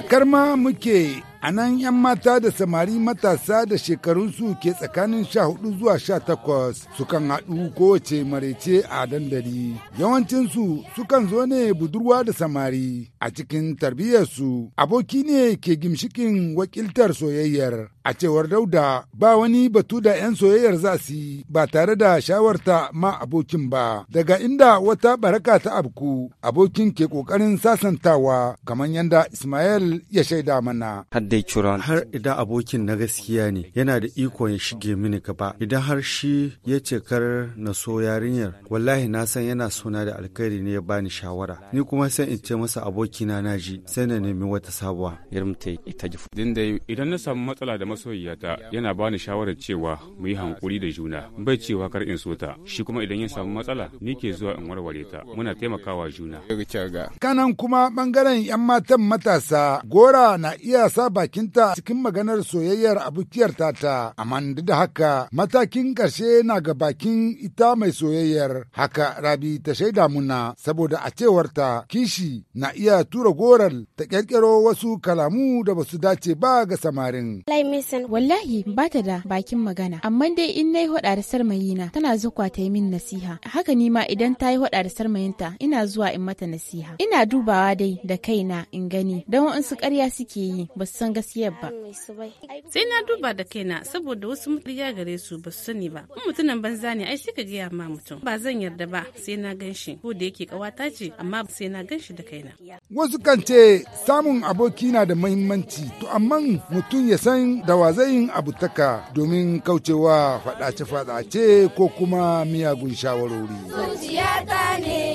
a muke A nan 'yan mata da samari matasa da shekarunsu ke tsakanin sha hudu zuwa sha takwas sukan haɗu kowace marece a dandali. Yawancinsu sukan zo ne budurwa da samari a cikin tarbiyyarsu aboki ne ke gimshikin wakiltar soyayyar. A cewar dauda ba wani batu da 'yan soyayyar za su yi ba tare da shawarta ma abokin ba. Daga inda wata baraka ta abku abokin ke ƙoƙarin sasantawa kamar yadda Ismail ya shaida mana. har idan abokin na gaskiya ne yana da iko ya shige mini gaba idan har shi ya ce kar na so yarinyar wallahi na san yana suna da alkhairi ne ya bani shawara ni kuma sai in ce masa abokina na ji sai na nemi wata sabuwa idan na samu matsala da masoyiyata yana bani shawarar cewa mu yi hankuri da juna bai cewa kar in so ta shi kuma idan ya samu matsala ni ke zuwa in warware ta muna taimakawa juna kanan kuma bangaren yan matan matasa gora na iya saba bakinta cikin maganar soyayyar abokiyar tata amma da haka matakin ƙarshe na ga bakin ita mai soyayyar haka rabi ta shaida muna saboda a cewar ta kishi na iya tura goral ta ƙirƙiro wasu kalamu da basu dace ba ga samarin. Wallahi ba ta da bakin magana amma dai in na yi hoda da sarmayina tana zukwa ta yi min nasiha haka nima idan ta yi hoda da sarmayinta ina zuwa in mata nasiha ina dubawa dai da kaina in gani don su ƙarya suke yi ba san gaskiya ba. Sai na duba da kaina saboda wasu ya gare su ba su sani ba. In mutumin banza ne ai shi ka gaya ma mutum. Ba zan yarda ba sai na gan shi ko da yake kawata ce amma sai na gan shi da kaina. Wasu kan ce samun aboki na da mahimmanci to amma mutum ya san da wa zai yin abu taka domin kaucewa faɗace-faɗace ko kuma miyagun shawarori. Zuciyata ne